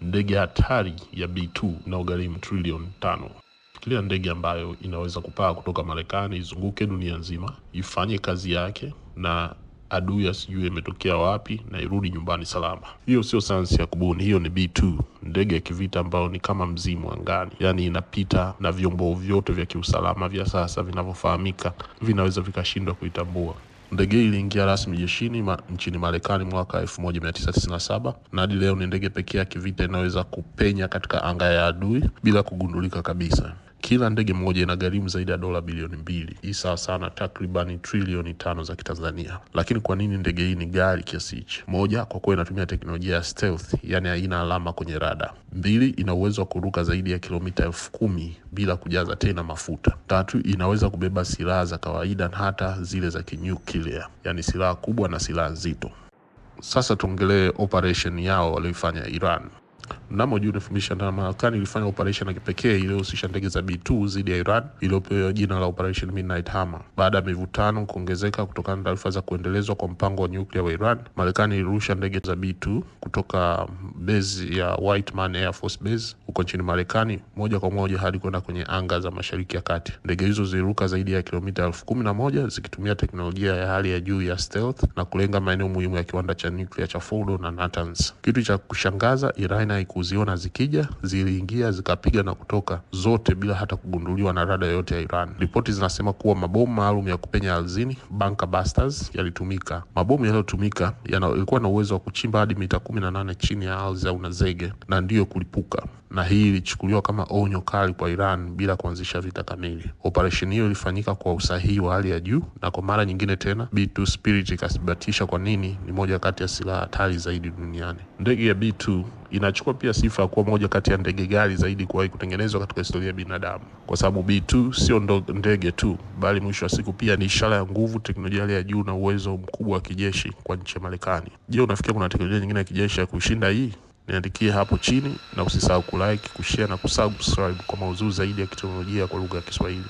ndege hatari ya B2 inaogharimu trilioni tano. Fikiria ndege ambayo inaweza kupaa kutoka Marekani izunguke dunia nzima ifanye kazi yake na adui asijue imetokea wapi na irudi nyumbani salama. Hiyo sio sayansi ya kubuni, hiyo ni B2, ndege ya kivita ambayo ni kama mzimu angani, yaani inapita na vyombo vyote vya kiusalama vya sasa vinavyofahamika vinaweza vikashindwa kuitambua. Ndege hii iliingia rasmi jeshini ma, nchini Marekani mwaka 1997 na hadi leo ni ndege pekee ya kivita inayoweza kupenya katika anga ya adui bila kugundulika kabisa. Kila ndege mmoja gharimu zaidi ya dola bilioni mbili, hii sawa sana takribani trilioni tano za Kitanzania. Lakini kwa nini ndege hii ni gari kiasi hichi? Moja, kwa kuwa inatumia teknolojia ya stealth, yani haina alama kwenye rada. Mbili, ina uwezo wa kuruka zaidi ya kilomita elfu kumi bila kujaza tena mafuta. Tatu, inaweza kubeba silaha za kawaida na hata zile za kinyuklia, yani silaha kubwa na silaha nzito. Sasa tuongelee operation yao walioifanya Iran. Mnamo Juni 2025 Marekani ilifanya operation ya kipekee iliyohusisha ndege za B2 dhidi ya Iran iliyopewa jina la Operation Midnight Hammer. Baada ya mivutano kuongezeka kutokana na taarifa za kuendelezwa kwa mpango wa nyuklia wa Iran, Marekani ilirusha ndege za B2 kutoka base ya Whiteman Air Force Base huko nchini Marekani moja kwa moja hadi kwenda kwenye anga za Mashariki ya Kati. Ndege hizo ziliruka zaidi ya kilomita elfu kumi na moja zikitumia teknolojia ya hali ya juu ya stealth na kulenga maeneo muhimu ya kiwanda cha nyuklia cha Fordo na Natanz. Kitu cha kushangaza, Iran haiku kuziona zikija, ziliingia zikapiga na kutoka zote bila hata kugunduliwa na rada yoyote ya Iran. Ripoti zinasema kuwa mabomu maalum ya kupenya ardhini bunker busters yalitumika. Mabomu yaliyotumika yalikuwa na uwezo wa kuchimba hadi mita kumi na nane chini ya ardhi au na zege na ndiyo kulipuka, na hii ilichukuliwa kama onyo kali kwa Iran bila kuanzisha vita kamili. Operesheni hiyo ilifanyika kwa usahihi wa hali ya juu, na kwa mara nyingine tena B2 Spirit ikathibitisha kwa nini ni moja kati ya silaha hatari zaidi duniani. Ndege ya B2 inachukua pia sifa ya kuwa moja kati ya ndege gari zaidi kuwahi kutengenezwa katika historia ya binadamu, kwa sababu B2 sio ndege tu, bali mwisho wa siku pia ni ishara ya nguvu, teknolojia ya juu na uwezo mkubwa wa kijeshi kwa nchi ya Marekani. Je, unafikia kuna teknolojia nyingine ya kijeshi ya kushinda hii? Niandikie hapo chini na usisahau kulike, kushare na kusubscribe kwa mauzuri zaidi ya kiteknolojia kwa lugha ya Kiswahili.